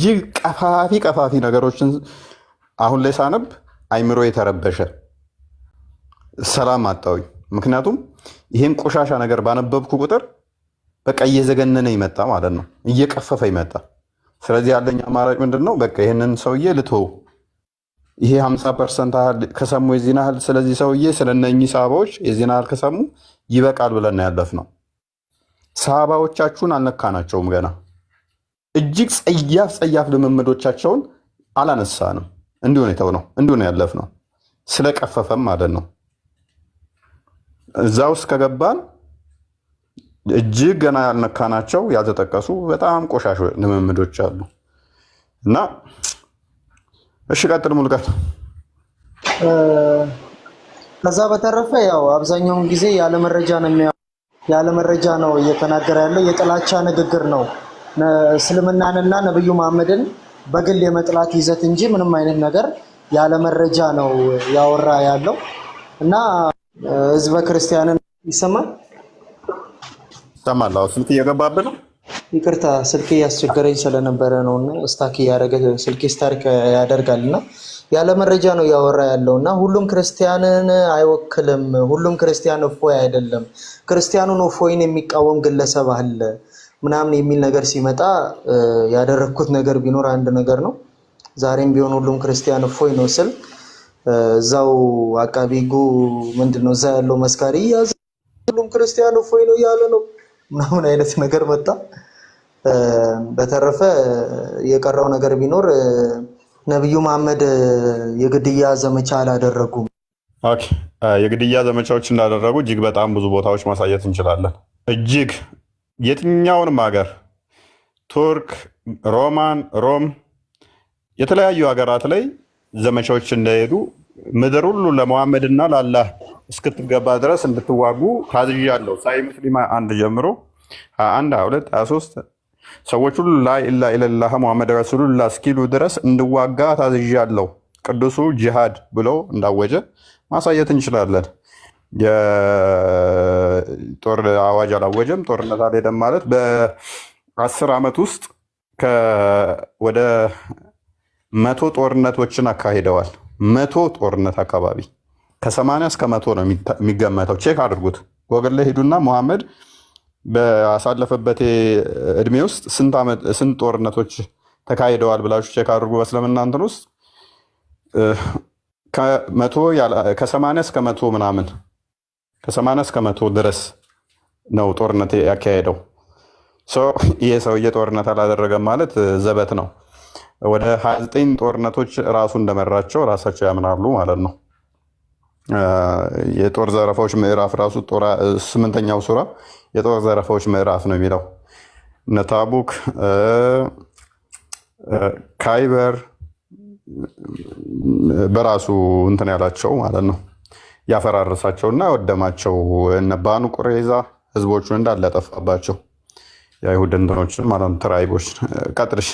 እጅግ ቀፋፊ ቀፋፊ ነገሮችን አሁን ላይ ሳነብ አይምሮ የተረበሸ ሰላም አጣሁኝ። ምክንያቱም ይህን ቆሻሻ ነገር ባነበብኩ ቁጥር በቃ እየዘገነነ ይመጣ ማለት ነው፣ እየቀፈፈ ይመጣ። ስለዚህ ያለኝ አማራጭ ምንድን ነው? በቃ ይህንን ሰውዬ ልቶ ይሄ 50 ፐርሰንት ያህል ከሰሙ የዜና ያህል ስለዚህ ሰውዬ ስለነኚህ ሳባዎች የዜና ያህል ከሰሙ ይበቃል ብለን ያለፍ ነው። ሳባዎቻችሁን አልነካናቸውም ገና እጅግ ጸያፍ ጸያፍ ልምምዶቻቸውን አላነሳንም። እንዲሁ ነው የተውነው፣ እንዲሁ ነው ያለፍነው። ስለቀፈፈም ማለት ነው እዛ ውስጥ ከገባን እጅግ ገና ያልነካናቸው ያልተጠቀሱ በጣም ቆሻሽ ልምምዶች አሉ እና እሺ፣ ቀጥል ሙልቀት። ከዛ በተረፈ ያው አብዛኛውን ጊዜ ያለመረጃ ነው እየተናገረ ያለው የጥላቻ ንግግር ነው። እስልምናንና ነብዩ መሐመድን በግል የመጥላት ይዘት እንጂ ምንም አይነት ነገር ያለ መረጃ ነው ያወራ ያለው እና ህዝበ ክርስቲያንን ይሰማል ይሰማል። ስልክ እየገባብህ ነው። ይቅርታ ስልክ እያስቸገረኝ ስለነበረ ነው እና ስታክ እያደረገ ስልክ ስታርክ ያደርጋል እና ያለ መረጃ ነው እያወራ ያለው እና ሁሉም ክርስቲያንን አይወክልም። ሁሉም ክርስቲያን እፎይ አይደለም። ክርስቲያኑን እፎይን የሚቃወም ግለሰብ አለ። ምናምን የሚል ነገር ሲመጣ ያደረግኩት ነገር ቢኖር አንድ ነገር ነው። ዛሬም ቢሆን ሁሉም ክርስቲያን እፎይ ነው ስል እዛው አቃቢ ምንድነው ምንድን ነው እዛ ያለው መስካሪ ያዘ፣ ሁሉም ክርስቲያን እፎይ ነው እያለ ነው ምናምን አይነት ነገር መጣ። በተረፈ የቀረው ነገር ቢኖር ነቢዩ መሐመድ የግድያ ዘመቻ አላደረጉም። የግድያ ዘመቻዎች እንዳደረጉ እጅግ በጣም ብዙ ቦታዎች ማሳየት እንችላለን። እጅግ የትኛውንም ሀገር ቱርክ፣ ሮማን፣ ሮም የተለያዩ ሀገራት ላይ ዘመቻዎች እንደሄዱ ምድር ሁሉ ለመሐመድና ለአላህ እስክትገባ ድረስ እንድትዋጉ አለው። ሳይ ሙስሊማ አንድ ጀምሮ አንድ ሁለት ሶስት ሰዎች ሁሉ ላኢላ ኢለላህ ሙሐመድ ረሱሉላ እስኪሉ ድረስ እንድዋጋ አለው። ቅዱሱ ጅሃድ ብሎ እንዳወጀ ማሳየት እንችላለን። የጦር አዋጅ አላወጀም። ጦርነት አልሄደም ማለት በአስር ዓመት ውስጥ ወደ መቶ ጦርነቶችን አካሂደዋል። መቶ ጦርነት አካባቢ ከሰማንያ እስከ መቶ ነው የሚገመተው። ቼክ አድርጉት ጎግል ላይ ሄዱና መሐመድ በአሳለፈበት እድሜ ውስጥ ስንት ጦርነቶች ተካሂደዋል ብላችሁ ቼክ አድርጉ። በእስልምና እንትን ውስጥ ከሰማንያ እስከ መቶ ምናምን ከሰማንያ እስከ መቶ ድረስ ነው ጦርነት ያካሄደው። ይሄ ሰውዬ ጦርነት አላደረገም ማለት ዘበት ነው። ወደ 29 ጦርነቶች ራሱ እንደመራቸው ራሳቸው ያምናሉ ማለት ነው። የጦር ዘረፋዎች ምዕራፍ ራሱ ስምንተኛው ሱራ የጦር ዘረፋዎች ምዕራፍ ነው የሚለው እነ ታቡክ፣ ካይበር በራሱ እንትን ያላቸው ማለት ነው። ያፈራረሳቸውና ያወደማቸው እነ ባኑ ቁሬዛ ህዝቦቹን እንዳለ ጠፋባቸው። የአይሁድ እንትኖችን ማለት ትራይቦች ቀጥርሽ።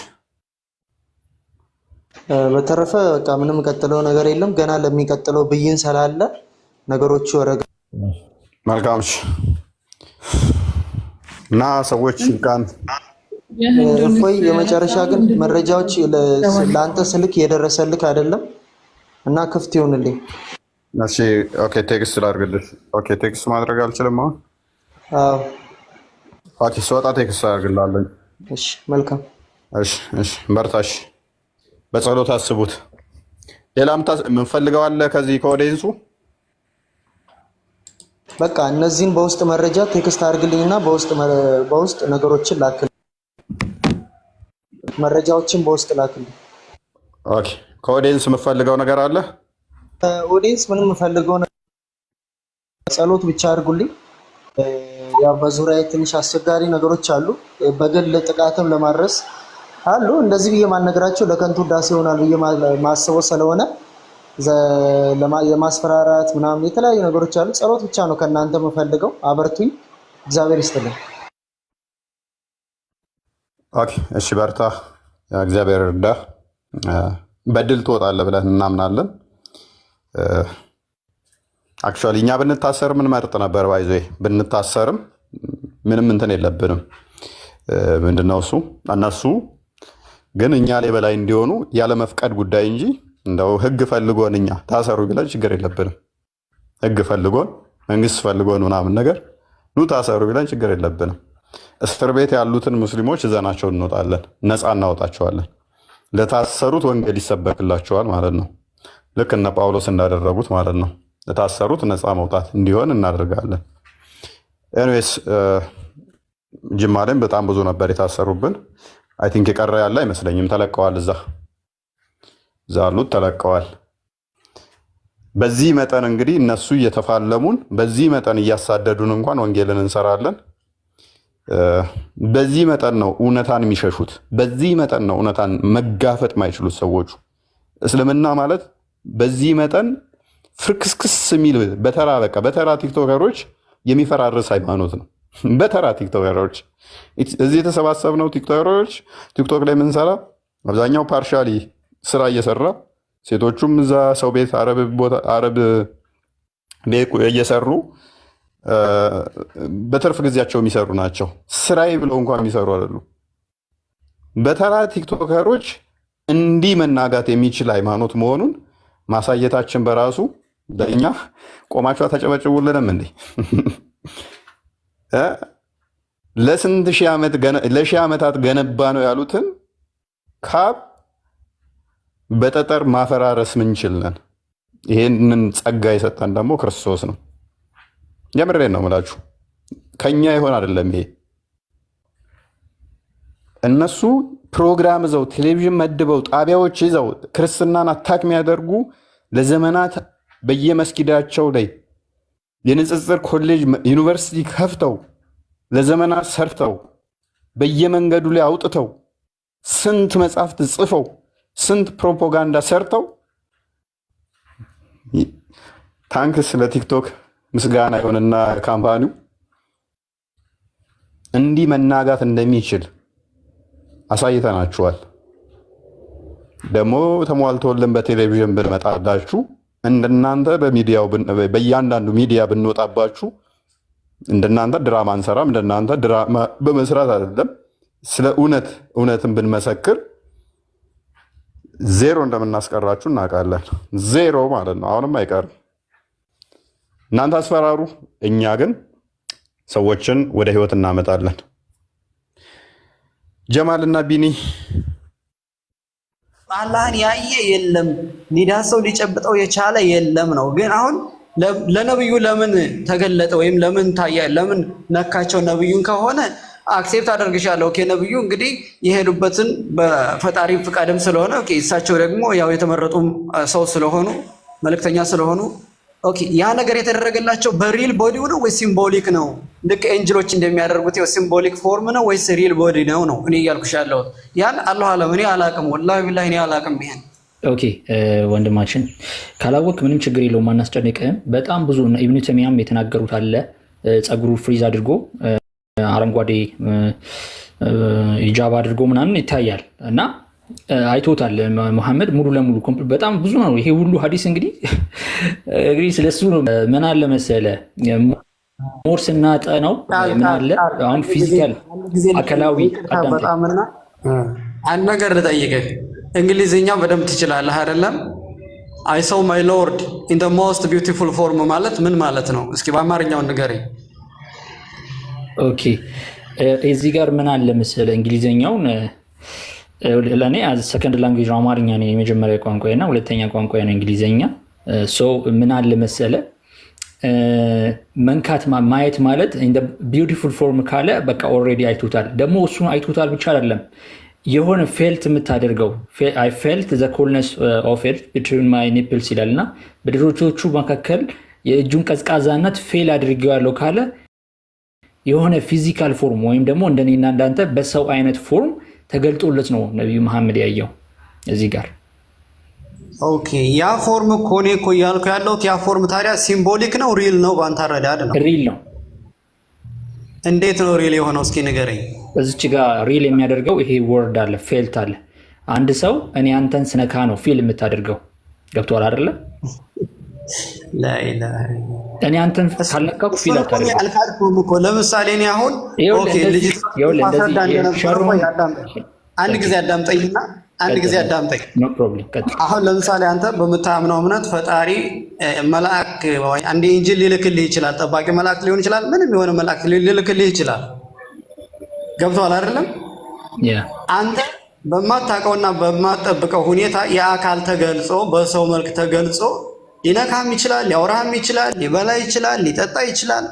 በተረፈ በቃ ምንም ቀጥለው ነገር የለም ገና ለሚቀጥለው ብይን ስላለ ነገሮቹ ወረጋ መልካም እና ሰዎች ጋን እፎይ። የመጨረሻ ግን መረጃዎች ለአንተ ስልክ የደረሰልክ አይደለም እና ክፍት ይሁንልኝ። እሺ ኦኬ፣ ቴክስት ላድርግልሽ። ኦኬ፣ ቴክስት ማድረግ አልችልም አሁን። ኦኬ፣ ስወጣ ቴክስት አድርግላለሁ። እሺ፣ መልካም። እሺ፣ እሺ፣ በርታሽ። በጸሎት አስቡት። ሌላም የምንፈልገው አለ ከዚህ ከወደንሱ በቃ እነዚህን በውስጥ መረጃ ቴክስት አድርግልኝና በውስጥ በውስጥ ነገሮችን ላክል፣ መረጃዎችን በውስጥ ላክል። ኦኬ፣ ከወደንስ የምፈልገው ነገር አለ ኦዲንስ ምንም ነገር ጸሎት ብቻ አድርጉልኝ። ያው በዙሪያ ትንሽ አስቸጋሪ ነገሮች አሉ። በግል ጥቃትም ለማድረስ አሉ። እንደዚህ ብዬ ማልነግራቸው ለከንቱ ዳስ ይሆናል ብዬ ማስበው ስለሆነ የማስፈራራት ምናምን የተለያዩ ነገሮች አሉ። ጸሎት ብቻ ነው ከእናንተ የምፈልገው። አበርቱኝ። እግዚአብሔር ይስጥልኝ። ኦኬ፣ እሺ፣ በርታ፣ እግዚአብሔር እርዳ። በድል ትወጣለህ ብለን እናምናለን። አክቹዋሊ እኛ ብንታሰር ምን መርጥ ነበር ባይዞ ብንታሰርም ምንም እንትን የለብንም። ምንድነው እሱ እነሱ ግን እኛ ላይ በላይ እንዲሆኑ ያለመፍቀድ ጉዳይ እንጂ እንደው ህግ ፈልጎን እኛ ታሰሩ ቢለን ችግር የለብንም። ህግ ፈልጎን መንግስት ፈልጎን ምናምን ነገር ኑ ታሰሩ ቢለን ችግር የለብንም። እስር ቤት ያሉትን ሙስሊሞች እዘናቸው እንወጣለን፣ ነፃ እናወጣቸዋለን። ለታሰሩት ወንጌል ይሰበክላቸዋል ማለት ነው። ልክ እነ ጳውሎስ እንዳደረጉት ማለት ነው። ለታሰሩት ነፃ መውጣት እንዲሆን እናደርጋለን። ኤኒዌይስ ጅማ ላይም በጣም ብዙ ነበር የታሰሩብን። አይ ቲንክ የቀረ ያለ አይመስለኝም። ተለቀዋል። እዛ ዛሉት ተለቀዋል። በዚህ መጠን እንግዲህ እነሱ እየተፋለሙን፣ በዚህ መጠን እያሳደዱን እንኳን ወንጌልን እንሰራለን። በዚህ መጠን ነው እውነታን የሚሸሹት። በዚህ መጠን ነው እውነታን መጋፈጥ ማይችሉት ሰዎቹ። እስልምና ማለት በዚህ መጠን ፍርክስክስ የሚል በተራ በቃ በተራ ቲክቶከሮች የሚፈራርስ ሃይማኖት ነው። በተራ ቲክቶከሮች እዚህ ነው ቲክቶከሮች ቲክቶክ ላይ የምንሰራ አብዛኛው ፓርሻሊ ስራ እየሰራ ሴቶቹም እዛ ሰው ቤት አረብ ቤት እየሰሩ በትርፍ ጊዜያቸው የሚሰሩ ናቸው። ስራዬ ብለው እንኳን የሚሰሩ አይደሉ። በተራ ቲክቶከሮች እንዲህ መናጋት የሚችል ሃይማኖት መሆኑን ማሳየታችን በራሱ ለእኛ ቆማችሁ ተጨበጭቡልንም እንዴ? ለስንት ለሺህ ዓመታት ገነባ ነው ያሉትን ካብ በጠጠር ማፈራረስ ምንችል ነን። ይህንን ጸጋ የሰጠን ደግሞ ክርስቶስ ነው። የምሬን ነው ምላችሁ፣ ከኛ ይሆን አይደለም ይሄ እነሱ ፕሮግራም ይዘው ቴሌቪዥን መድበው ጣቢያዎች ይዘው ክርስትናን አታክ የሚያደርጉ ለዘመናት በየመስጊዳቸው ላይ የንጽጽር ኮሌጅ ዩኒቨርሲቲ ከፍተው ለዘመናት ሰርተው በየመንገዱ ላይ አውጥተው ስንት መጽሐፍት ጽፈው ስንት ፕሮፓጋንዳ ሰርተው ታንክስ ለቲክቶክ ምስጋና ይሆንና ካምፓኒው እንዲህ መናጋት እንደሚችል አሳይተናችኋል። ደግሞ ተሟልቶልን በቴሌቪዥን ብንመጣላችሁ እንደናንተ በሚዲያው በእያንዳንዱ ሚዲያ ብንወጣባችሁ እንደናንተ ድራማ አንሰራም። እንደናንተ ድራማ በመስራት አይደለም ስለ እውነት እውነትን ብንመሰክር ዜሮ እንደምናስቀራችሁ እናውቃለን። ዜሮ ማለት ነው። አሁንም አይቀርም። እናንተ አስፈራሩ፣ እኛ ግን ሰዎችን ወደ ህይወት እናመጣለን። ጀማል እና ቢኒ አላህን ያየ የለም፣ ሰው ሊጨብጠው የቻለ የለም ነው። ግን አሁን ለነብዩ ለምን ተገለጠ ወይም ለምን ታየ ለምን ነካቸው ነብዩን ከሆነ አክሴፕት አደርግሻለሁ። ኦኬ ነብዩ እንግዲህ የሄዱበትን በፈጣሪ ፍቃድም ስለሆነ ኦኬ፣ እሳቸው ደግሞ ያው የተመረጡ ሰው ስለሆኑ መልእክተኛ ስለሆኑ ኦኬ ያ ነገር የተደረገላቸው በሪል ቦዲ ነው ወይ ሲምቦሊክ ነው? ልክ ኤንጅሎች እንደሚያደርጉት ያው ሲምቦሊክ ፎርም ነው ወይስ ሪል ቦዲ ነው ነው እኔ እያልኩሽ ያለሁት ያን አላህ አለም። እኔ አላቅም፣ ወላሂ ቢላሂ እኔ አላቅም። ይሄን ኦኬ ወንድማችን ካላወቅ ምንም ችግር የለውም አናስጨንቅህም። በጣም ብዙ ኢብኑ የተናገሩት አለ። ጸጉሩ ፍሪዝ አድርጎ አረንጓዴ ኢጃባ አድርጎ ምናምን ይታያል እና አይቶታል መሐመድ ሙሉ ለሙሉ በጣም ብዙ ነው። ይሄ ሁሉ ሀዲስ እንግዲህ እንግዲህ ስለሱ ምን አለ መሰለ ሞር ስናጠ ነው ምን አለ አሁን ፊዚካል አካላዊ በጣምና አንድ ነገር ልጠይቅህ። እንግሊዝኛ በደንብ ትችላለህ አይደለም? አይ ሰው ማይ ሎርድ ኢን ሞስት ቢውቲፉል ፎርም ማለት ምን ማለት ነው? እስኪ በአማርኛውን ንገረኝ። ኦኬ እዚህ ጋር ምን አለ መሰለ እንግሊዝኛውን ለእኔ ሰከንድ ላንጉጅ ነው አማርኛ ነው የመጀመሪያ ቋንቋ እና ሁለተኛ ቋንቋ ነው እንግሊዝኛ። ሰው ምን አለ መሰለ መንካት ማየት ማለት ቢዩቲፉል ፎርም ካለ በቃ ኦልሬዲ አይቶታል። ደግሞ እሱን አይቶታል ብቻ አይደለም የሆነ ፌልት የምታደርገው አይ ፌልት ዘ ኮልነስ ኦፍ ኢት ቢትዊን ማይ ኒፕልስ ይላል እና በደረቶቹ መካከል የእጁን ቀዝቃዛነት ፌል አድርጌዋለሁ ካለ የሆነ ፊዚካል ፎርም ወይም ደግሞ እንደኔና እንዳንተ በሰው አይነት ፎርም ተገልጦለት ነው ነቢዩ መሐመድ ያየው እዚህ ጋር ኦኬ ያ ፎርም እኮ እኔ እኮ እያልኩ ያለሁት ያ ፎርም ታዲያ ሲምቦሊክ ነው ሪል ነው? በአንተ አረዳድ ነው ሪል ነው። እንዴት ነው ሪል የሆነው? እስኪ ንገረኝ። እዚች ጋር ሪል የሚያደርገው ይሄ ወርድ አለ፣ ፌልት አለ። አንድ ሰው እኔ አንተን ስነካ ነው ፊል የምታደርገው። ገብቶሃል አይደለም። እኔ አንተን ካልነካኩ ፊል እኮ። ለምሳሌ እኔ አሁን አንድ ጊዜ አዳምጠኝና አንድ ጊዜ አዳምጠኝ። አሁን ለምሳሌ አንተ በምታምነው እምነት ፈጣሪ መልአክ አንድ ኢንጂል ሊልክልህ ይችላል። ጠባቂ መልአክ ሊሆን ይችላል። ምንም የሆነ መልአክ ሊልክልህ ይችላል። ገብቶሃል አይደለም? አንተ በማታውቀውና በማጠብቀው ሁኔታ የአካል ተገልጾ በሰው መልክ ተገልጾ ሊነካም ይችላል፣ ሊያወራህም ይችላል፣ ሊበላ ይችላል፣ ሊጠጣ ይችላል፣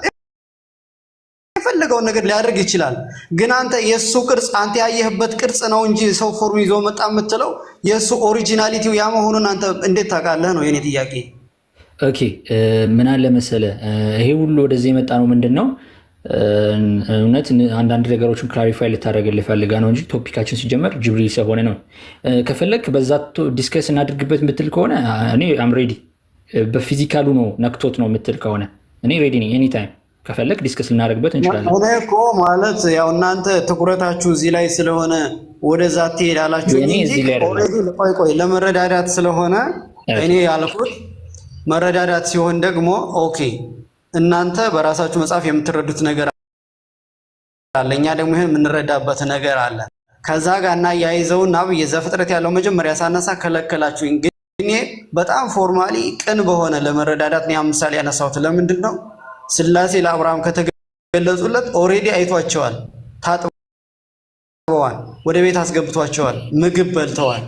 የፈለገውን ነገር ሊያደርግ ይችላል። ግን አንተ የእሱ ቅርጽ አንተ ያየህበት ቅርጽ ነው እንጂ ሰው ፎርም ይዞ መጣ የምትለው የእሱ ኦሪጂናሊቲው ያ መሆኑን አንተ እንዴት ታውቃለህ ነው የኔ ጥያቄ። ኦኬ ምን አለ መሰለ ይሄ ሁሉ ወደዚህ የመጣ ነው ምንድን ነው እውነት አንዳንድ ነገሮችን ክላሪፋይ ልታደረግልህ ፈልጋ ነው እንጂ ቶፒካችን ሲጀመር ጅብሪል ስለሆነ ነው። ከፈለግ በዛ ዲስከስ እናድርግበት ምትል ከሆነ እኔ አም ሬዲ በፊዚካሉ ነው ነክቶት ነው የምትል ከሆነ እኔ ሬዲ ነኝ። ኤኒ ታይም ከፈለግ ዲስክስ ልናደርግበት እንችላለን። እኔ እኮ ማለት ያው እናንተ ትኩረታችሁ እዚህ ላይ ስለሆነ ወደዛ ትሄዳላችሁ። ቆይ ቆይ ለመረዳዳት ስለሆነ እኔ ያልኩት መረዳዳት ሲሆን ደግሞ ኦኬ እናንተ በራሳችሁ መጽሐፍ የምትረዱት ነገር አለ፣ እኛ ደግሞ ይህን የምንረዳበት ነገር አለ። ከዛ ጋር እናያይዘውና ብዬ ዘፍጥረት ያለው መጀመሪያ ሳነሳ ከለከላችሁ ከለከላችሁኝ። እኔ በጣም ፎርማሊ ቅን በሆነ ለመረዳዳት ነው ምሳሌ ያነሳሁት። ለምንድን ነው ስላሴ ለአብርሃም ከተገለጹለት ኦሬዲ አይቷቸዋል፣ ታጥበዋል፣ ወደ ቤት አስገብቷቸዋል፣ ምግብ በልተዋል፣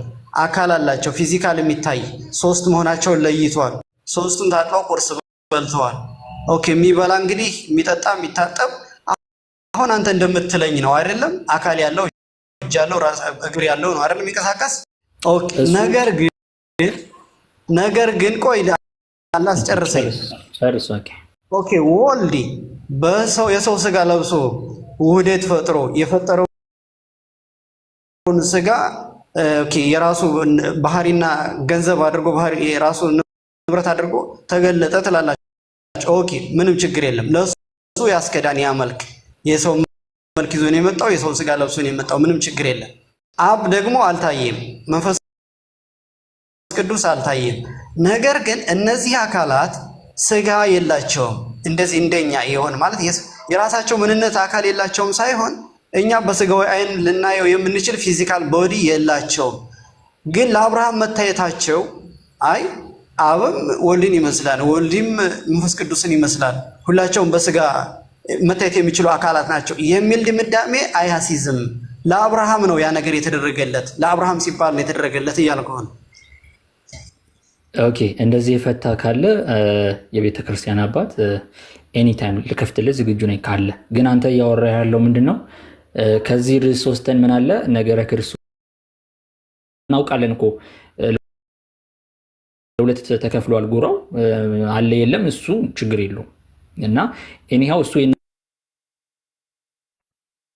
አካል አላቸው፣ ፊዚካል የሚታይ ሶስት መሆናቸውን ለይቷል። ሶስቱም ታጥበው ቁርስ በልተዋል። ኦኬ የሚበላ እንግዲህ የሚጠጣ የሚታጠብ አሁን አንተ እንደምትለኝ ነው አይደለም? አካል ያለው እጅ ያለው እግር ያለው ነው አይደለም? የሚንቀሳቀስ ነገር ግን ነገር ግን ቆይ አላስጨርሰኝ። ኦኬ ወልዲ በሰው የሰው ስጋ ለብሶ ውህደት ፈጥሮ የፈጠረውን ስጋ ኦኬ የራሱ ባህሪና ገንዘብ አድርጎ ባህሪ የራሱ ንብረት አድርጎ ተገለጠ ትላላችሁ። ኦኬ ምንም ችግር የለም። ለሱ ያስከዳን ያ መልክ የሰው መልክ ይዞ ነው የመጣው፣ የሰው ስጋ ለብሶ ነው የመጣው። ምንም ችግር የለም። አብ ደግሞ አልታየም መንፈስ ቅዱስ አልታየም። ነገር ግን እነዚህ አካላት ስጋ የላቸውም። እንደዚህ እንደኛ የሆን ማለት የራሳቸው ምንነት አካል የላቸውም ሳይሆን እኛ በስጋዊ አይን ልናየው የምንችል ፊዚካል ቦዲ የላቸውም። ግን ለአብርሃም መታየታቸው አይ አብም ወልድን ይመስላል፣ ወልድም መንፈስ ቅዱስን ይመስላል፣ ሁላቸውም በስጋ መታየት የሚችሉ አካላት ናቸው የሚል ድምዳሜ አያሲዝም ለአብርሃም ነው ያ ነገር የተደረገለት፣ ለአብርሃም ሲባል ነው የተደረገለት እያልኩ ነው። ኦኬ እንደዚህ የፈታ ካለ የቤተ ክርስቲያን አባት ኤኒታይም ልከፍትልህ ዝግጁ ነኝ ካለ። ግን አንተ እያወራ ያለው ምንድን ነው? ከዚህ ርዕስ ሶስተን ምን አለ ነገረ ክርስቶስ እናውቃለን እኮ ለሁለት ተከፍሏል። ጉራው አለ የለም፣ እሱ ችግር የለውም። እና ኤኒሃው እሱ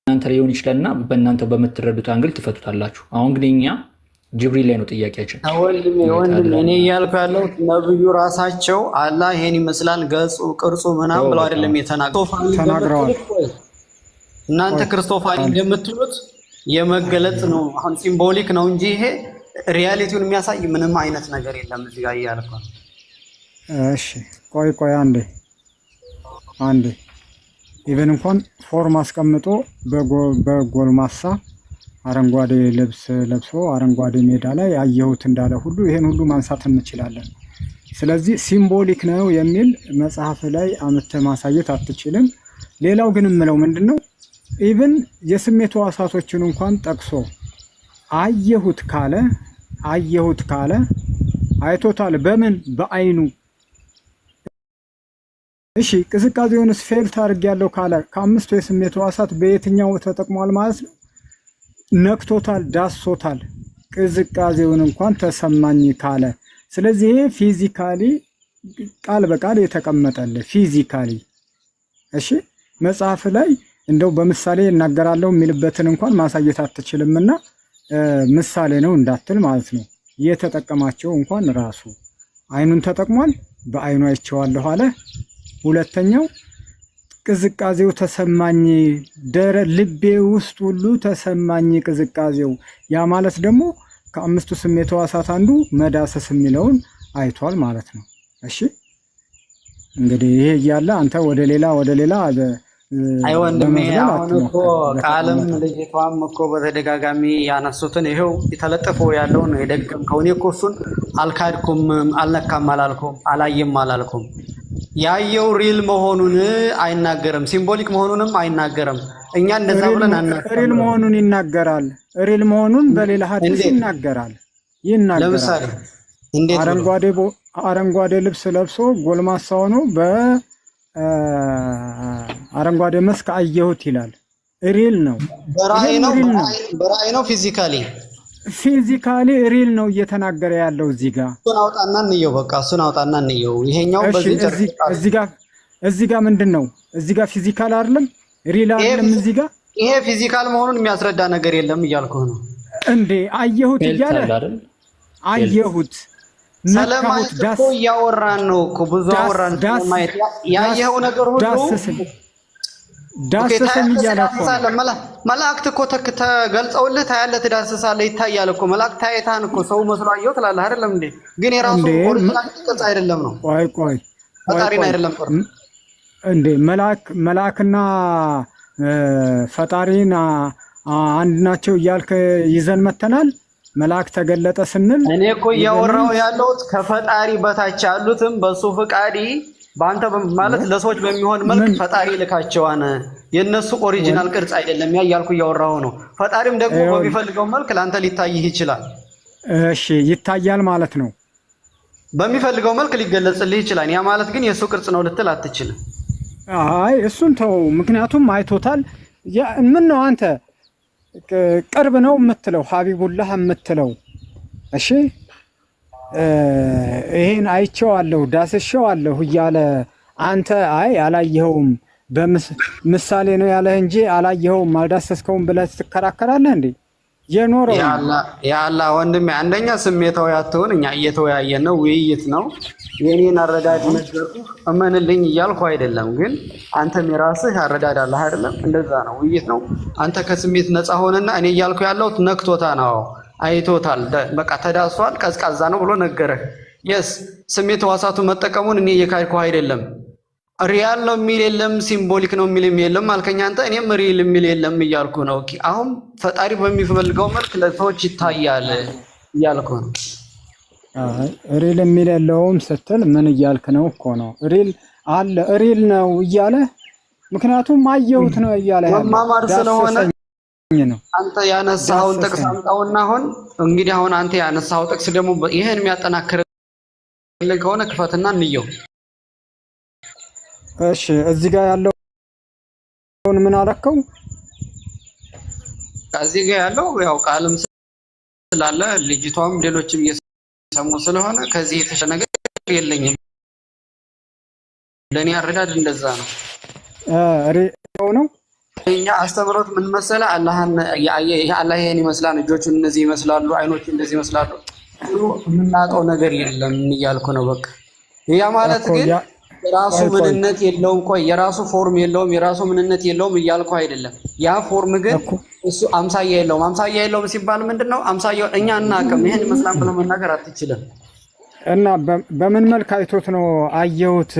እናንተ ሊሆን ይችላልና በእናንተ በምትረዱት አንግል ትፈቱታላችሁ። አሁን ግን እኛ ጅብሪል ላይ ነው ጥያቄያችን። ወንድም እኔ እያልኩ ያለው ነብዩ ራሳቸው አላህ ይሄን ይመስላል ገጹ ቅርጹ ምናምን ብለው አይደለም የተናግረዋል። እናንተ ክርስቶፋኒ እንደምትሉት የመገለጥ ነው አሁን ሲምቦሊክ ነው እንጂ ይሄ ሪያሊቲውን የሚያሳይ ምንም አይነት ነገር የለም እዚህ ጋር እያልኩ ነው። እሺ ቆይ ቆይ አንዴ አንዴ ኢቨን እንኳን ፎርም አስቀምጦ በጎልማሳ አረንጓዴ ልብስ ለብሶ አረንጓዴ ሜዳ ላይ አየሁት እንዳለ ሁሉ ይህን ሁሉ ማንሳት እንችላለን። ስለዚህ ሲምቦሊክ ነው የሚል መጽሐፍ ላይ አምተ ማሳየት አትችልም። ሌላው ግን የምለው ምንድን ነው ኢቭን የስሜት ሕዋሳቶችን እንኳን ጠቅሶ አየሁት ካለ አየሁት ካለ አይቶታል። በምን በአይኑ እሺ፣ ቅዝቃዜውንስ ፌልት አድርጌያለሁ ካለ ከአምስቱ የስሜት ሕዋሳት በየትኛው ተጠቅሟል ማለት ነው? ነክቶታል፣ ዳሶታል፣ ቅዝቃዜውን እንኳን ተሰማኝ ካለ ስለዚህ ይሄ ፊዚካሊ ቃል በቃል የተቀመጠለ ፊዚካሊ። እሺ መጽሐፍ ላይ እንደው በምሳሌ እናገራለሁ የሚልበትን እንኳን ማሳየት አትችልምና ምሳሌ ነው እንዳትል ማለት ነው። የተጠቀማቸው እንኳን ራሱ አይኑን ተጠቅሟል። በአይኑ አይቼዋለሁ አለ። ሁለተኛው ቅዝቃዜው ተሰማኝ፣ ደረ ልቤ ውስጥ ሁሉ ተሰማኝ ቅዝቃዜው። ያ ማለት ደግሞ ከአምስቱ ስሜት ሕዋሳት አንዱ መዳሰስ የሚለውን አይቷል ማለት ነው። እሺ እንግዲህ ይሄ እያለ አንተ ወደ ሌላ ወደ ሌላ አይ ወንድሜ፣ አሁን እኮ ቃልም ልጅቷም እኮ በተደጋጋሚ ያነሱትን ይኸው የተለጠፈ ያለውን የደገምከው። እኔ እኮ እሱን አልካድኩም፣ አልነካም አላልኩም፣ አላየም አላልኩም ያየው ሪል መሆኑን አይናገርም። ሲምቦሊክ መሆኑንም አይናገርም። እኛ እንደዛ ብለን አናውቅም። ሪል መሆኑን ይናገራል። ሪል መሆኑን በሌላ ሀዲስ ይናገራል ይናገራል። ለምሳሌ አረንጓዴ አረንጓዴ ልብስ ለብሶ ጎልማሳ ሆኖ በአረንጓዴ መስክ አየሁት ይላል። ሪል ነው፣ በራእይ ነው፣ ፊዚካሊ ፊዚካሊ ሪል ነው እየተናገረ ያለው እዚህ ጋር እሱን አውጣና እንየው። በቃ እሱን አውጣና እንየው። ይሄኛው በዚህ እዚህ ጋር ምንድን ነው እዚህ ጋ ፊዚካል አይደለም ሪል አይደለም። እዚህ ጋ ይሄ ፊዚካል መሆኑን የሚያስረዳ ነገር የለም እያልኩህ ነው። እንዴ አየሁት እያለ አየሁት ሰለማየት እኮ እያወራን ነው እኮ ብዙ አወራን። ያየኸው ነገር ሁሉ ዳሰሰኝ እያለ መላእክት እኮ ተገልጸውልህ ታያለህ፣ ትዳስሳለህ፣ ይታያል እኮ መላእክት ታይታን እኮ ሰው መስሎ አየሁ ትላለህ አይደለም እንዴ? ግን የራሱ ቅጽ አይደለም ነው። ቆይ ቆይ ፈጣሪን አይደለም እንዴ? መላእክ መላእክና ፈጣሪን አንድ ናቸው እያልክ ይዘን መተናል። መልአክ ተገለጠ ስንል እኔ እኮ እያወራሁ ያለሁት ከፈጣሪ በታች ያሉትም በሱ ፍቃድ በአንተ ማለት ለሰዎች በሚሆን መልክ ፈጣሪ ልካቸዋን የእነሱ ኦሪጂናል ቅርጽ አይደለም። ያ እያልኩ እያወራሁ ነው። ፈጣሪም ደግሞ በሚፈልገው መልክ ለአንተ ሊታይህ ይችላል። እሺ ይታያል ማለት ነው። በሚፈልገው መልክ ሊገለጽልህ ይችላል። ያ ማለት ግን የእሱ ቅርጽ ነው ልትል አትችልም። አይ እሱን ተው፣ ምክንያቱም አይቶታል። ምን ነው አንተ ቅርብ ነው የምትለው ሀቢቡላህ የምትለው እሺ ይሄን አይቼዋለሁ ዳስሼዋለሁ እያለ አንተ አይ አላየኸውም በምሳሌ ነው ያለህ እንጂ አላየኸውም አልዳሰስከውም ብለህ ትከራከራለህ እንዴ? የኖረው የአላህ ወንድሜ፣ አንደኛ ስሜታዊ አትሆን። እኛ እየተወያየን ነው፣ ውይይት ነው። የኔን አረዳድ ነገርኩ እመንልኝ እያልኩ አይደለም፣ ግን አንተም የራስህ አረዳድ አለህ አይደለም? እንደዛ ነው፣ ውይይት ነው። አንተ ከስሜት ነፃ ሆነና እኔ እያልኩ ያለሁት ነክቶታ ነው አይቶታል። በቃ ተዳሷል፣ ቀዝቃዛ ነው ብሎ ነገረህ። የስ ስሜት ዋሳቱ መጠቀሙን እኔ የካድኩ አይደለም። ሪያል ነው የሚል የለም፣ ሲምቦሊክ ነው የሚል የለም አልከኝ አንተ። እኔም ሪል የሚል የለም እያልኩ ነው። አሁን ፈጣሪ በሚፈልገው መልክ ለሰዎች ይታያል እያልኩ ነው። ሪል የሚል የለውም ስትል ምን እያልክ ነው እኮ ነው። ሪል አለ ሪል ነው እያለ ምክንያቱም አየሁት ነው እያለ መማማር ስለሆነ አንተ ያነሳኸውን ጥቅስ አምጣውና አሁን እንግዲህ አሁን አንተ ያነሳኸው ጥቅስ ደግሞ ይህን የሚያጠናክር ከሆነ ክፈትና እንየው። እሺ እዚህ ጋር ያለውን ምን አረከው? ከዚህ ጋር ያለው ያው ቃልም ስላለ ልጅቷም ሌሎችም እየሰሙ ስለሆነ ከዚህ የተሻለ ነገር የለኝም። ለእኔ አረዳድ እንደዛ ነው ነው የእኛ አስተምሮት ምን መሰለ? አላህ ይሄን ይመስላል፣ እጆቹን እነዚህ ይመስላሉ፣ አይኖቹ እንደዚህ ይመስላሉ፣ የምናውቀው ነገር የለም እያልኩ ነው። በቃ ያ ማለት ግን የራሱ ምንነት የለውም። ቆይ የራሱ ፎርም የለውም፣ የራሱ ምንነት የለውም እያልኩ አይደለም። ያ ፎርም ግን እሱ አምሳያ የለውም። አምሳያ የለውም ሲባል ምንድን ነው? አምሳያ እኛ እናውቅም። ይህን ይመስላል ብሎ መናገር አትችልም። እና በምን መልክ አይቶት ነው አየሁት፣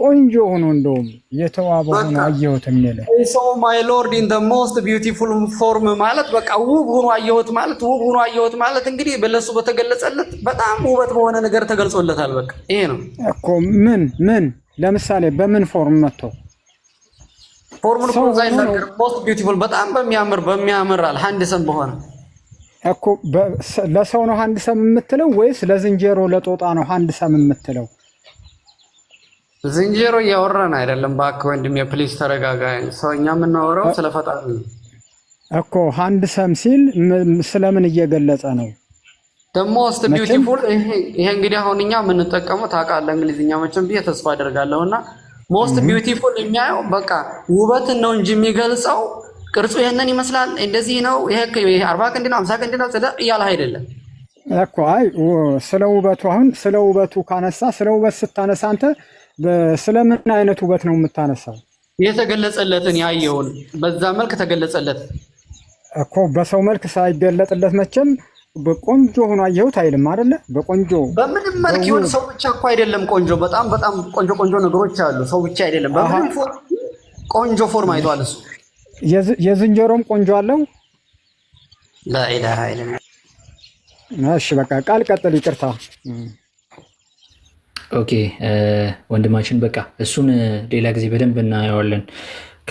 ቆንጆ ሆኖ እንደውም የተዋበ ሆኖ አየሁት የሚለው ሰው ማይ ሎርድ ኢን ዘ ሞስት ቢዩቲፉል ፎርም ማለት በቃ ውብ ሆኖ አየሁት ማለት ውብ ሆኖ አየሁት ማለት እንግዲህ በለሱ በተገለጸለት በጣም ውበት በሆነ ነገር ተገልጾለታል። በቃ ይሄ ነው እኮ። ምን ምን ለምሳሌ በምን ፎርም መጥቶ ፎርሙን ሞስት ቢዩቲፉል በጣም በሚያምር በሚያምር በሚያምራል ሀንድሰም በሆነ እኮ ለሰው ነው አንድ ሰም የምትለው ወይስ ለዝንጀሮ ለጦጣ ነው አንድ ሰም የምትለው? ዝንጀሮ እያወራን አይደለም። እባክህ ወንድሜ ፕሊዝ ተረጋጋ። ሰው እኛ የምናወራው ስለፈጣሪ እኮ። አንድ ሰም ሲል ስለምን እየገለጸ ነው? ደግሞ ውስጥ ቢዩቲፉል ይሄ እንግዲህ አሁን እኛ የምንጠቀመው ታውቃለህ፣ እንግሊዝኛ መቼም ብዬ ተስፋ አደርጋለሁ እና ሞስት ቢዩቲፉል የሚያየው በቃ ውበትን ነው እንጂ የሚገልጸው ቅርጹ ይህንን ይመስላል፣ እንደዚህ ነው፣ ይሄ አርባ ቀንድ ነው፣ አምሳ ቀንድ ነው እያለህ አይደለም እኮ። አይ ስለ ውበቱ አሁን ስለ ውበቱ ካነሳ ስለ ውበት ስታነሳ አንተ ስለምን አይነት ውበት ነው የምታነሳው? የተገለጸለትን ያየውን በዛ መልክ ተገለጸለት እኮ። በሰው መልክ ሳይገለጥለት መቼም በቆንጆ ሆኖ አየሁት አይልም አይደለ? በቆንጆ በምንም መልክ ይሁን ሰው ብቻ እኮ አይደለም ቆንጆ። በጣም በጣም ቆንጆ ቆንጆ ነገሮች አሉ። ሰው ብቻ አይደለም፣ በምንም ቆንጆ ፎርም አይቷል እሱ የዝንጀሮም ቆንጆ አለው። እሺ በቃ ቃል ቀጥል። ይቅርታ ኦኬ ወንድማችን በቃ እሱን ሌላ ጊዜ በደንብ እናየዋለን።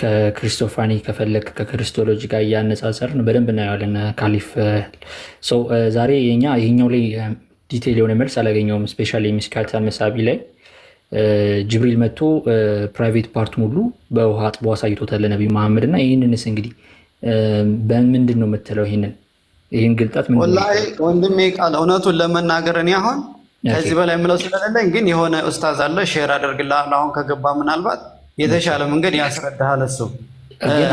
ከክሪስቶፋኒ ከፈለግ ከክርስቶሎጂ ጋር እያነጻጸርን በደንብ እናየዋለን። ካሊፍ ሰው ዛሬ የኛ ይህኛው ላይ ዲቴል የሆነ መልስ አላገኘውም። ስፔሻሊ ሚስካት መሳቢ ላይ ጅብሪል መጥቶ ፕራይቬት ፓርት ሙሉ በውሃ አጥቦ አሳይቶታል ለነቢ መሐመድ እና ይህንንስ እንግዲህ በምንድን ነው የምትለው? ይህንን ይህን ግልጠት ወላሂ ወንድሜ ቃል እውነቱን ለመናገር እኔ አሁን ከዚህ በላይ የምለው ስለሌለኝ ግን የሆነ ኡስታዝ አለ ሼር አደርግልሃል። አሁን ከገባ ምናልባት የተሻለ መንገድ ያስረዳሃል። እሱ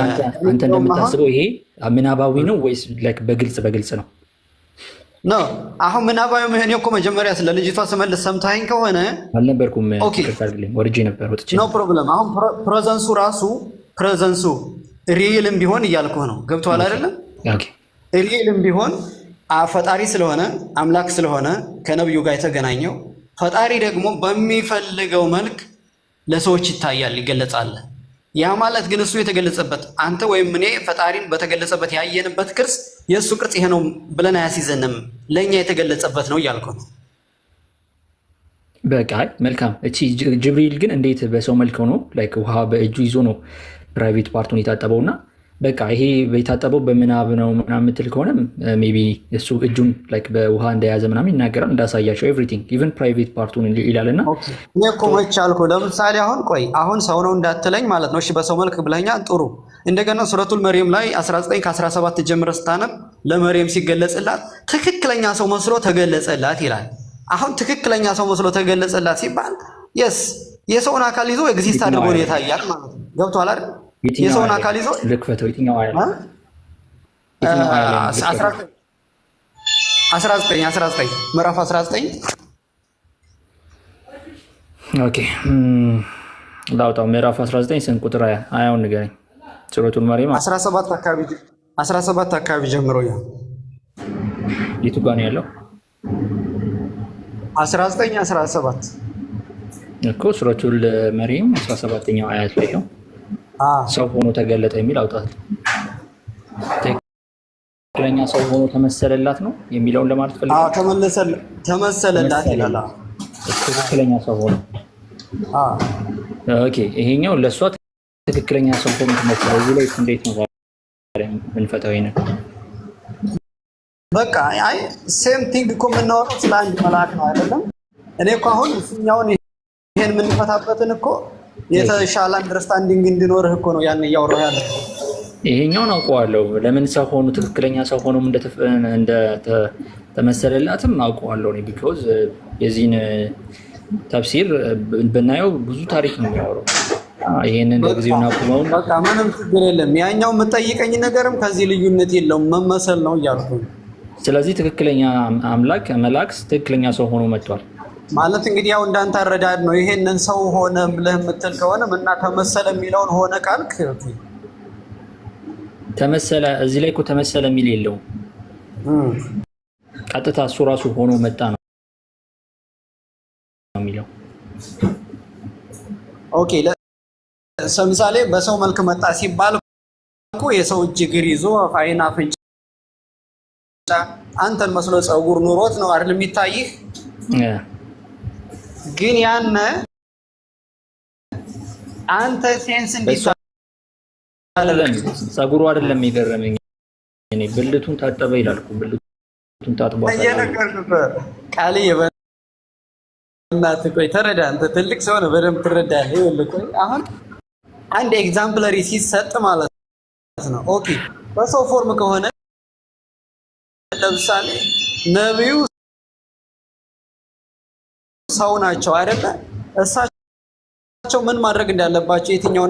አንተ እንደምታስበው ይሄ ምናባዊ ነው ወይስ በግልጽ በግልጽ ነው? ነው አሁን ምናባዊ መሆኔ እኮ መጀመሪያ ስለ ልጅቷ ስመልስ ሰምታኝ ከሆነ አልነበርኩም። ወርጄ ነበር ወጥቼ ነው ፕሮብለም። አሁን ፕሬዘንሱ ራሱ ፕሬዘንሱ ሪልም ቢሆን እያልኩ ነው። ገብቶሃል አይደለም? ሪልም ቢሆን ፈጣሪ ስለሆነ አምላክ ስለሆነ ከነብዩ ጋር የተገናኘው ፈጣሪ ደግሞ በሚፈልገው መልክ ለሰዎች ይታያል፣ ይገለጻል። ያ ማለት ግን እሱ የተገለጸበት አንተ ወይም እኔ ፈጣሪን በተገለጸበት ያየንበት ቅርጽ የእሱ ቅርጽ ይሄ ነው ብለን አያስይዘንም፣ ለእኛ የተገለጸበት ነው እያልኩ ነው። በቃ መልካም። እቺ ጅብሪል ግን እንዴት በሰው መልክ ሆኖ ውሃ በእጁ ይዞ ነው ፕራይቬት ፓርቱን የታጠበውና በቃ ይሄ የታጠበው በምናብ ነው ምናምን የምትል ከሆነም ሜይ uh, ቢ እሱ እጁን በውሃ እንደያዘ ምናምን ይናገራል። እንዳሳያቸው ኤቭሪቲንግ ኢቨን ፕራይቬት ፓርቱን ይላልና እኔ እኮ ለምሳሌ አሁን ቆይ አሁን ሰው ነው እንዳትለኝ ማለት ነው። እሺ በሰው መልክ ብለኛ ጥሩ እንደገና ሱረቱል መሪም ላይ 19 ከ17 ጀምረ ስታነብ ለመሪም ሲገለጽላት ትክክለኛ ሰው መስሎ ተገለጸላት ይላል። አሁን ትክክለኛ ሰው መስሎ ተገለጸላት ሲባል የስ የሰውን አካል ይዞ ኤግዚስት አድርጎ የታያል ማለት ነው። ገብቶሃል አይደል? የሰውን አካል ይዞ ልክፈተው። የትኛው አያ ምዕራፍ 19 ኦኬ፣ ላውጣው። ምዕራፍ 19 ስንት ቁጥር አያውን ንገረኝ። ሱረቱል መርየም 17 አካባቢ ጀምሮ ያ የቱ ጋ ነው ያለው? 19 17 እኮ ሱረቱል መርየም 17ኛው አያት ላይ ነው። ሰው ሆኖ ተገለጠ የሚል አውጣት ትክክለኛ ሰው ሆኖ ተመሰለላት ነው የሚለውን ለማለት ፈልገህ ተመሰለላት ይላል። ትክክለኛ ሰው ሆኖ ኦኬ፣ ይሄኛው ለእሷ ትክክለኛ ሰው ሆኖ ተመሰለ። እዚህ ላይ እንዴት ነው ምንፈታው? ይነ በቃ አይ ሴም ቲንግ እኮ የምናወራው ስለ አንድ መልአክ ነው አይደለም። እኔ እኮ አሁን እሱኛውን ይሄን የምንፈታበትን እኮ የተሻለ አንደርስታንዲንግ እንዲኖርህ እኮ ነው ያን እያወራሁ ያለ። ይሄኛውን አውቀዋለሁ። ለምን ሰው ሆኑ ትክክለኛ ሰው ሆኖም እንደተመሰለላትም አውቀዋለሁ። ቢኮዝ የዚህን ተፍሲር ብናየው ብዙ ታሪክ ነው የሚያወራው። ይሄንን ለጊዜው እናቁመውን። በቃ ምንም ችግር የለም። ያኛው የምጠይቀኝ ነገርም ከዚህ ልዩነት የለውም፣ መመሰል ነው እያልኩ። ስለዚህ ትክክለኛ አምላክ መላክስ ትክክለኛ ሰው ሆኖ መጥቷል። ማለት እንግዲህ ያው እንዳንተ አረዳድ ነው። ይሄንን ሰው ሆነ ብለህ የምትል ከሆነ እና ተመሰለ የሚለውን ሆነ ካልክ ተመሰለ፣ እዚህ ላይ እኮ ተመሰለ የሚል የለው። ቀጥታ እሱ ራሱ ሆኖ መጣ ነው የሚለው። ኦኬ ለምሳሌ በሰው መልክ መጣ ሲባል እኮ የሰው እጅ እግር ይዞ አይን አፍንጫ አንተን መስሎ ፀጉር ኑሮት ነው አይደል የሚታይህ? ግን ያነ አንተ ሴንስ እንዴት ጸጉሩ አይደለም የገረመኝ። እኔ ብልቱን ታጠበ ይላልኩ እኮ ብልቱን ታጥቧ ቃል በእናትህ ቆይ ተረዳ። አንተ ትልቅ ሰው ነው፣ በደንብ ትረዳ ይኸውልህ አሁን አንድ ኤግዛምፕለሪ ሲሰጥ ማለት ነው ኦኬ፣ በሰው ፎርም ከሆነ ለምሳሌ ነቢዩ ሰው ናቸው አይደለ? እሳቸው ምን ማድረግ እንዳለባቸው የትኛው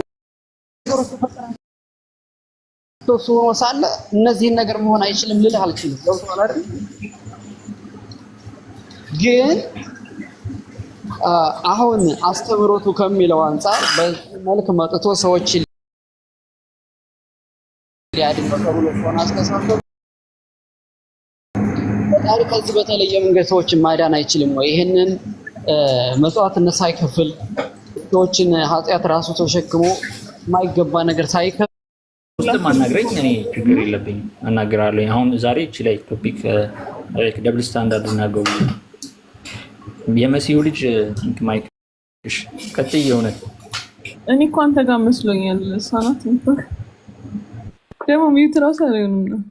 ሶስት ሆኖ ሳለ እነዚህን ነገር መሆን አይችልም ልልህ አልችልም። ገብቶሃል አይደል? ግን አሁን አስተምሮቱ ከሚለው አንጻር በዚህ መልክ መጥቶ ሰዎች ሊያድን ተብሎ ሆነ አስተሳሰብ በጣም ከዚህ በተለየ መንገድ ሰዎችን ማዳን አይችልም ወይ? ይህንን መጽዋትነት ሳይከፍል ሰዎችን ኃጢአት ራሱ ተሸክሞ የማይገባ ነገር ሳይከፍል ውስጥም አናግረኝ፣ እኔ ችግር የለብኝ፣ አናግራለሁ። አሁን ዛሬ እቺ ላይ ቶፒክ ደብል ስታንዳርድ እናገቡ የመሲሁ ልጅ ማይክሽ ቀጥይ የእውነት እኔ እኮ አንተ ጋር መስሎኛል። ሳናት ደግሞ ሚዩት ራሱ አልሆንም ነው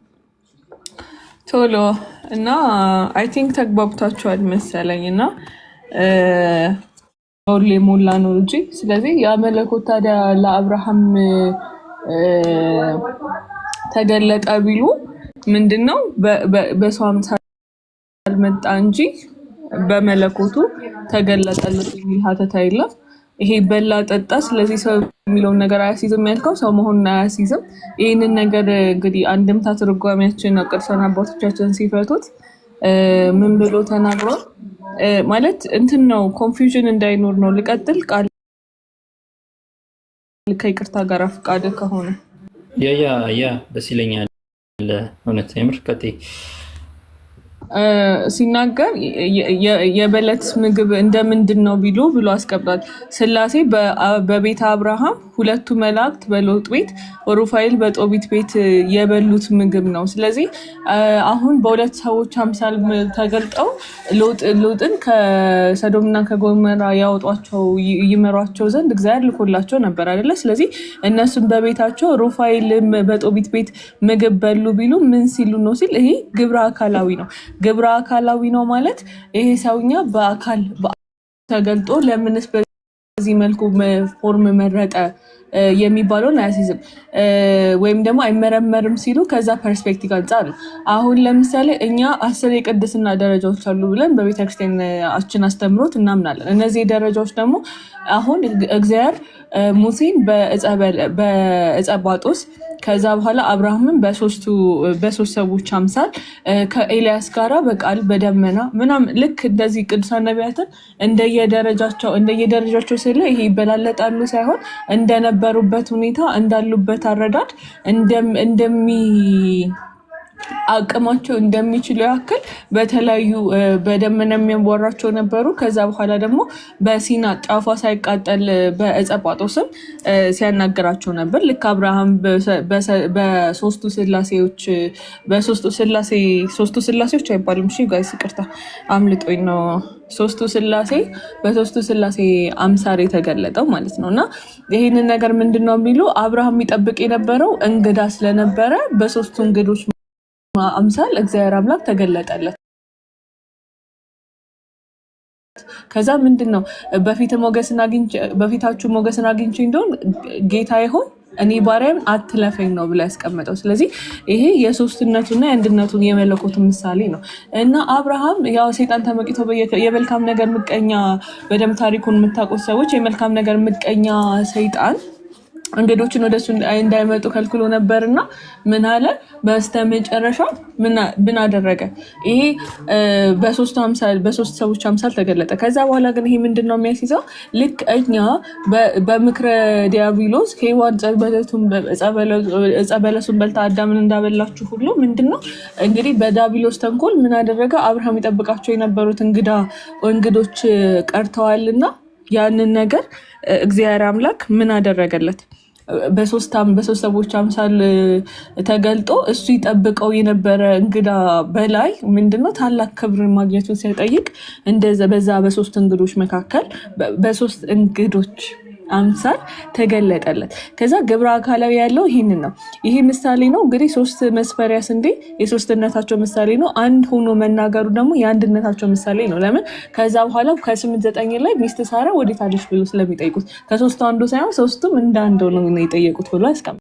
ቶሎ እና አይ ቲንክ ተግባብታችኋል መሰለኝ እና ኖር የሞላ ነው እንጂ። ስለዚህ ያ መለኮት ታዲያ ለአብርሃም ተገለጠ ቢሉ ምንድን ነው በሰው አምሳል መጣ እንጂ በመለኮቱ ተገለጠለት የሚል ሀተታ የለም። ይሄ በላ ጠጣ፣ ስለዚህ ሰው የሚለውን ነገር አያስይዝም ያልከው ሰው መሆኑን አያስይዝም። ይህንን ነገር እንግዲህ አንድምታ ትርጓሜያችን ቅዱሳን አባቶቻችን ሲፈቱት ምን ብሎ ተናግሯል? ማለት እንትን ነው ኮንፊውዥን እንዳይኖር ነው። ልቀጥል ቃል ከይቅርታ ጋር ፍቃድ ከሆነ ያ ያ ያ ደስ ይለኛል። እውነት የምር ቀጤ ሲናገር የበለት ምግብ እንደምንድን ነው ቢሎ ብሎ አስቀምጧል። ስላሴ በቤተ አብርሃም ሁለቱ መላእክት በሎጥ ቤት ሩፋኤል በጦቢት ቤት የበሉት ምግብ ነው። ስለዚህ አሁን በሁለት ሰዎች አምሳል ተገልጠው ሎጥን ከሰዶምና ከጎመራ ያወጧቸው ይመሯቸው ዘንድ እግዚአብሔር ልኮላቸው ነበር አይደለ? ስለዚህ እነሱም በቤታቸው ሩፋኤል በጦቢት ቤት ምግብ በሉ ቢሉ ምን ሲሉ ነው ሲል ይሄ ግብረ አካላዊ ነው። ግብረ አካላዊ ነው ማለት ይሄ ሰውኛ በአካል ተገልጦ ለምንስ በዚህ መልኩ ፎርም መረጠ የሚባለውን አያስይዝም ወይም ደግሞ አይመረመርም ሲሉ ከዛ ፐርስፔክቲቭ አንጻር ነው። አሁን ለምሳሌ እኛ አስር የቅድስና ደረጃዎች አሉ ብለን በቤተክርስቲያናችን አስተምሮት እናምናለን። እነዚህ ደረጃዎች ደግሞ አሁን እግዚአብሔር ሙሴን በዕፀ ጳጦስ ከዛ በኋላ አብርሃምን በሶስት ሰዎች አምሳል ከኤልያስ ጋራ በቃል በደመና ምናምን ልክ እንደዚህ ቅዱሳን ነቢያትን እንደየደረጃቸው እንደየደረጃቸው ስለ ይሄ ይበላለጣሉ ሳይሆን እንደነበ የነበሩበት ሁኔታ እንዳሉበት አረዳድ እንደሚ አቅማቸው እንደሚችሉ ያክል በተለያዩ በደመና የሚያንቧራቸው ነበሩ። ከዛ በኋላ ደግሞ በሲና ጫፏ ሳይቃጠል በእጸጳጦ ስም ሲያናገራቸው ነበር። ልክ አብርሃም በሶስቱ ስላሴዎች በሶስቱ ስላሴ ሶስቱ ስላሴዎች አይባልም። እሺ ጋይስ ይቅርታ አምልጦኝ ነው። ሶስቱ ስላሴ በሶስቱ ስላሴ አምሳር የተገለጠው ማለት ነው። እና ይህንን ነገር ምንድን ነው የሚሉ አብርሃም የሚጠብቅ የነበረው እንግዳ ስለነበረ በሶስቱ እንግዶች አምሳል እግዚአብሔር አምላክ ተገለጠለት። ከዛ ምንድን ነው በፊት ሞገስን አግኝቼ በፊታችሁ ሞገስን አግኝቼ እንደሆን ጌታ ይሆን እኔ ባሪያም አትለፈኝ ነው ብሎ ያስቀመጠው። ስለዚህ ይሄ የሶስትነቱና የአንድነቱን የመለኮቱን ምሳሌ ነው እና አብርሃም ያው ሴጣን ተመቂቶ የመልካም ነገር ምቀኛ በደም ታሪኩን የምታውቁት ሰዎች የመልካም ነገር ምቀኛ ሰይጣን እንግዶችን ወደሱ እንዳይመጡ ከልክሎ ነበር እና ምን አለ በስተመጨረሻ ምን አደረገ? ይሄ በሶስት ሰዎች አምሳል ተገለጠ። ከዛ በኋላ ግን ይሄ ምንድን ነው የሚያስይዘው? ልክ እኛ በምክረ ዲያብሎስ ሔዋን ጸበለሱን በልታ አዳምን እንዳበላችሁ ሁሉ ምንድን ነው እንግዲህ በዲያብሎስ ተንኮል ምን አደረገ? አብርሃም ይጠብቃቸው የነበሩት እንግዳ እንግዶች ቀርተዋልና ያንን ነገር እግዚአብሔር አምላክ ምን አደረገለት? በሶስት ሰዎች አምሳል ተገልጦ እሱ ይጠብቀው የነበረ እንግዳ በላይ ምንድነው ታላቅ ክብር ማግኘቱን ሲጠይቅ በዛ በሶስት እንግዶች መካከል በሶስት እንግዶች አምሳል ተገለጠለት። ከዛ ግብረ አካላዊ ያለው ይህንን ነው። ይሄ ምሳሌ ነው እንግዲህ ሶስት መስፈሪያ ስንዴ የሶስትነታቸው ምሳሌ ነው። አንድ ሆኖ መናገሩ ደግሞ የአንድነታቸው ምሳሌ ነው። ለምን ከዛ በኋላ ከስምንት ዘጠኝ ላይ ሚስት ሳራ ወዴት አለች ብሎ ስለሚጠይቁት ከሶስቱ አንዱ ሳይሆን ሶስቱም እንደ አንድ ነው የጠየቁት ብሎ ያስቀምጣል።